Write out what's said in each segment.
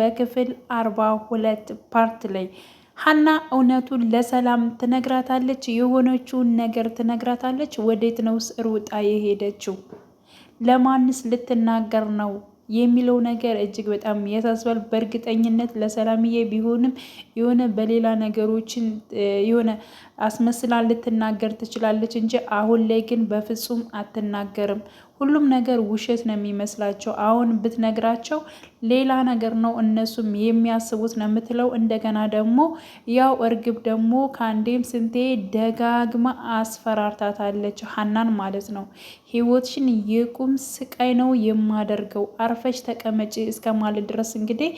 በክፍል አርባ ሁለት ፓርት ላይ ሀና እውነቱን ለሰላም ትነግራታለች። የሆነችውን ነገር ትነግራታለች። ወዴት ነው ስእርውጣ የሄደችው? ለማንስ ልትናገር ነው የሚለው ነገር እጅግ በጣም ያሳስባል። በእርግጠኝነት ለሰላምዬ ቢሆንም የሆነ በሌላ ነገሮችን የሆነ አስመስላ ልትናገር ትችላለች እንጂ አሁን ላይ ግን በፍጹም አትናገርም። ሁሉም ነገር ውሸት ነው የሚመስላቸው። አሁን ብትነግራቸው ሌላ ነገር ነው እነሱም የሚያስቡት ነው የምትለው። እንደገና ደግሞ ያው እርግብ ደግሞ ከአንዴም ስንቴ ደጋግማ አስፈራርታታለች ሀናን ማለት ነው። ህይወትሽን የቁም ስቃይ ነው የማደርገው፣ አርፈሽ ተቀመጭ እስከ ማለት ድረስ እንግዲህ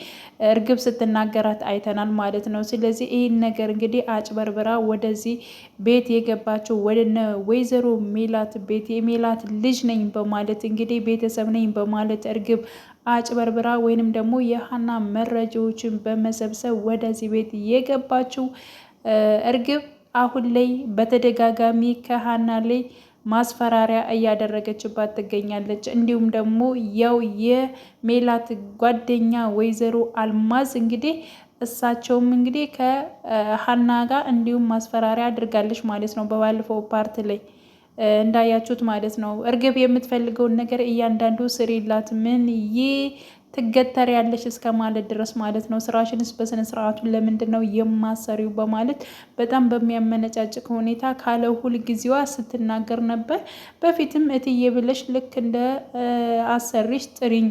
እርግብ ስትናገራት አይተናል ማለት ነው። ስለዚህ ይህን ነገር እንግዲህ አጭበርብራ ወደዚህ ቤት የገባቸው ወደነ ወይዘሮ ሜላት ቤት የሜላት ልጅ ነኝ በማ በማለት እንግዲህ ቤተሰብ ነኝ በማለት እርግብ አጭበርብራ ወይንም ደግሞ የሀና መረጃዎችን በመሰብሰብ ወደዚህ ቤት የገባችው እርግብ አሁን ላይ በተደጋጋሚ ከሀና ላይ ማስፈራሪያ እያደረገችባት ትገኛለች። እንዲሁም ደግሞ ያው የሜላት ጓደኛ ወይዘሮ አልማዝ እንግዲህ እሳቸውም እንግዲህ ከሀና ጋር እንዲሁም ማስፈራሪያ አድርጋለች ማለት ነው በባለፈው ፓርት ላይ እንዳያችሁት ማለት ነው። እርግብ የምትፈልገውን ነገር እያንዳንዱ ስሪላት ምን ይ ትገተር ያለች እስከ ማለት ድረስ ማለት ነው። ስራሽንስ በስነ ስርዓቱ ለምንድን ነው የማሰሪው? በማለት በጣም በሚያመነጫጭቅ ሁኔታ ካለ ሁል ጊዜዋ ስትናገር ነበር። በፊትም እትዬ ብለሽ ልክ እንደ አሰሪሽ ጥሪኝ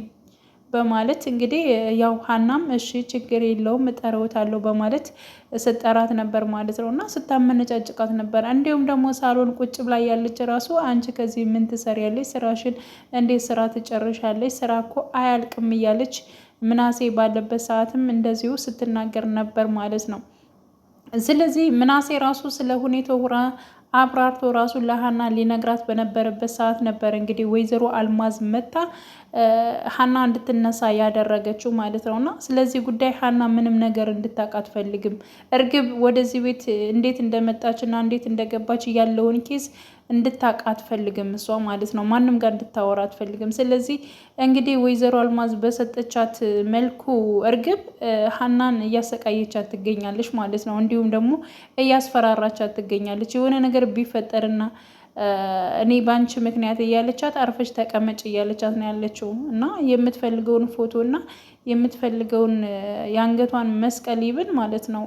በማለት እንግዲህ ያው ሀናም እሺ ችግር የለውም እጠራዎታለሁ በማለት ስጠራት ነበር ማለት ነው። እና ስታመነጫጭቃት ነበር። እንዲሁም ደግሞ ሳሎን ቁጭ ብላ ያለች ራሱ አንቺ ከዚህ ምን ትሰሪያለች? ስራሽን እንዴት ስራ ትጨርሻለች? ስራ እኮ አያልቅም እያለች ምናሴ ባለበት ሰዓትም እንደዚሁ ስትናገር ነበር ማለት ነው። ስለዚህ ምናሴ ራሱ ስለ ሁኔታው አብራርቶ ራሱን ለሀና ሊነግራት በነበረበት ሰዓት ነበር እንግዲህ ወይዘሮ አልማዝ መታ ሀና እንድትነሳ ያደረገችው ማለት ነው። እና ስለዚህ ጉዳይ ሀና ምንም ነገር እንድታውቅ አትፈልግም። እርግብ ወደዚህ ቤት እንዴት እንደመጣች እና እንዴት እንደገባች ያለውን ኬዝ እንድታውቅ አትፈልግም እሷ ማለት ነው። ማንም ጋር እንድታወራ አትፈልግም። ስለዚህ እንግዲህ ወይዘሮ አልማዝ በሰጠቻት መልኩ እርግብ ሀናን እያሰቃየቻት ትገኛለች ማለት ነው። እንዲሁም ደግሞ እያስፈራራቻት ትገኛለች የሆነ ነገር ነገር ቢፈጠርና እኔ በአንቺ ምክንያት እያለቻት አርፈች ተቀመጭ እያለቻት ነው ያለችው። እና የምትፈልገውን ፎቶ እና የምትፈልገውን የአንገቷን መስቀል ይብን ማለት ነው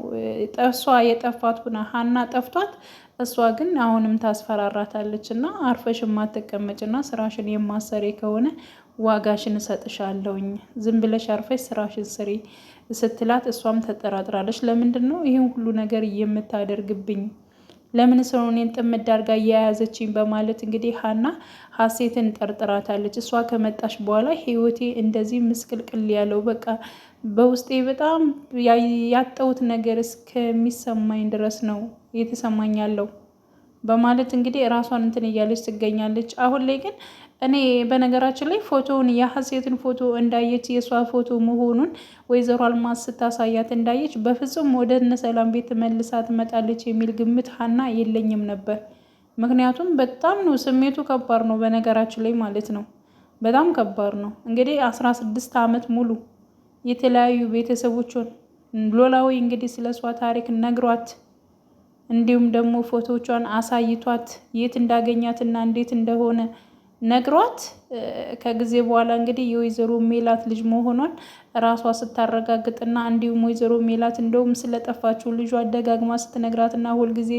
እሷ የጠፋት ሁና ሀና ጠፍቷት፣ እሷ ግን አሁንም ታስፈራራታለች። እና አርፈሽ የማትቀመጭ እና ስራሽን የማሰሪ ከሆነ ዋጋሽን እሰጥሻለሁኝ፣ ዝም ብለሽ አርፈሽ ስራሽን ስሪ ስትላት እሷም ተጠራጥራለች። ለምንድን ነው ይህን ሁሉ ነገር የምታደርግብኝ ለምን ሰው እኔን ጥምድ አድርጋ እየያዘችኝ በማለት እንግዲህ ሀና ሀሴትን ጠርጥራታለች። እሷ ከመጣች በኋላ ህይወቴ እንደዚህ ምስቅልቅል ያለው በቃ በውስጤ በጣም ያጠውት ነገር እስከሚሰማኝ ድረስ ነው የተሰማኝ ያለው በማለት እንግዲህ ራሷን እንትን እያለች ትገኛለች። አሁን ላይ ግን እኔ በነገራችን ላይ ፎቶውን የሀሴትን ፎቶ እንዳየች የእሷ ፎቶ መሆኑን ወይዘሮ አልማዝ ስታሳያት እንዳየች በፍጹም ወደ እነ ሰላም ቤት መልሳ ትመጣለች የሚል ግምት ሀና የለኝም ነበር። ምክንያቱም በጣም ነው ስሜቱ ከባድ ነው። በነገራችን ላይ ማለት ነው በጣም ከባድ ነው። እንግዲህ አስራ ስድስት ዓመት ሙሉ የተለያዩ ቤተሰቦችን ኖላዊ እንግዲህ ስለ እሷ ታሪክ ነግሯት እንዲሁም ደግሞ ፎቶቿን አሳይቷት የት እንዳገኛትና እንዴት እንደሆነ ነግሯት ከጊዜ በኋላ እንግዲህ የወይዘሮ ሜላት ልጅ መሆኗን ራሷ ስታረጋግጥና እንዲሁም ወይዘሮ ሜላት እንደውም ስለጠፋችው ልጇ አደጋግማ ስትነግራትና ሁልጊዜ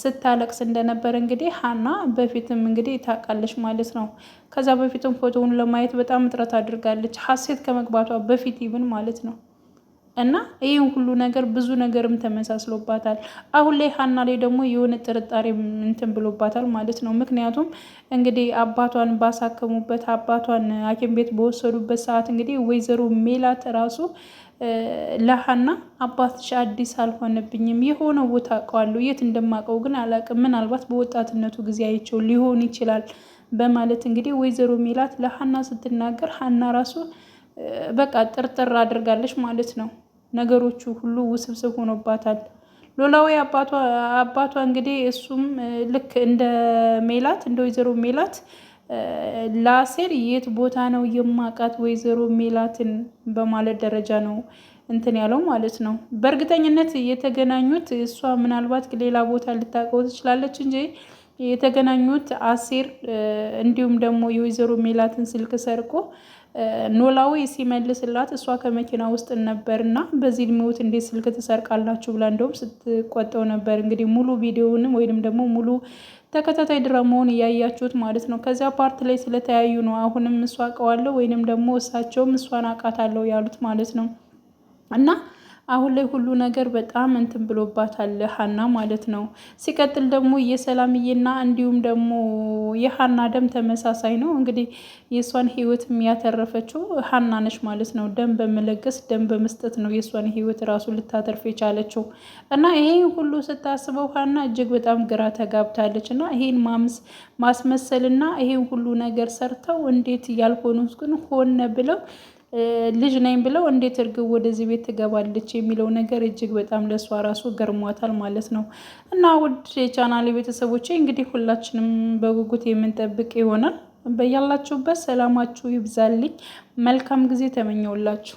ስታለቅስ እንደነበረ እንግዲህ ሀና በፊትም እንግዲህ ታውቃለች ማለት ነው። ከዛ በፊትም ፎቶውን ለማየት በጣም እጥረት አድርጋለች፣ ሀሴት ከመግባቷ በፊት ይብን ማለት ነው። እና ይህን ሁሉ ነገር ብዙ ነገርም ተመሳስሎባታል። አሁን ላይ ሀና ላይ ደግሞ የሆነ ጥርጣሬ እንትን ብሎባታል ማለት ነው። ምክንያቱም እንግዲህ አባቷን ባሳከሙበት አባቷን ሐኪም ቤት በወሰዱበት ሰዓት እንግዲህ ወይዘሮ ሜላት ራሱ ለሀና አባትሽ አዲስ አልሆነብኝም፣ የሆነ ቦታ አውቀዋለሁ፣ የት እንደማውቀው ግን አላውቅም፣ ምናልባት በወጣትነቱ ጊዜ አይቼው ሊሆን ይችላል በማለት እንግዲህ ወይዘሮ ሜላት ለሀና ስትናገር ሀና ራሱ በቃ ጥርጥር አድርጋለች ማለት ነው። ነገሮቹ ሁሉ ውስብስብ ሆኖባታል። ኖላዊ አባቷ እንግዲህ እሱም ልክ እንደ ሜላት እንደ ወይዘሮ ሜላት ለአሴር የት ቦታ ነው የማውቃት ወይዘሮ ሜላትን በማለት ደረጃ ነው እንትን ያለው ማለት ነው። በእርግጠኝነት የተገናኙት እሷ ምናልባት ሌላ ቦታ ልታውቀው ትችላለች እንጂ የተገናኙት አሴር እንዲሁም ደግሞ የወይዘሮ ሜላትን ስልክ ሰርቆ ኖላዊ ሲመልስላት እሷ ከመኪና ውስጥ ነበርና በዚህ ድሜውት እንዴት ስልክ ትሰርቃላችሁ ብላ እንደውም ስትቆጠው ነበር። እንግዲህ ሙሉ ቪዲዮንም ወይንም ደግሞ ሙሉ ተከታታይ ድራማውን እያያችሁት ማለት ነው። ከዚያ ፓርት ላይ ስለተያዩ ነው አሁንም እሷ አውቀዋለሁ ወይንም ደግሞ እሳቸውም እሷን አውቃታለሁ ያሉት ማለት ነው እና አሁን ላይ ሁሉ ነገር በጣም እንትን ብሎባታል ሀና ማለት ነው። ሲቀጥል ደግሞ የሰላምዬና እንዲሁም ደግሞ የሀና ደም ተመሳሳይ ነው። እንግዲህ የእሷን ህይወት የሚያተረፈችው ሀና ነች ማለት ነው። ደም በመለገስ ደም በመስጠት ነው የእሷን ህይወት ራሱ ልታተርፍ የቻለችው እና ይሄ ሁሉ ስታስበው ሀና እጅግ በጣም ግራ ተጋብታለች እና ይሄን ማምስ ማስመሰልና ይሄን ሁሉ ነገር ሰርተው እንዴት ያልሆኑ ግን ሆነ ብለው ልጅ ነኝ ብለው እንዴት እርግብ ወደዚህ ቤት ትገባለች የሚለው ነገር እጅግ በጣም ለእሷ ራሱ ገርሟታል ማለት ነው። እና ውድ የቻናል ቤተሰቦች እንግዲህ ሁላችንም በጉጉት የምንጠብቅ ይሆናል። በያላችሁበት ሰላማችሁ ይብዛልኝ። መልካም ጊዜ ተመኘውላችሁ።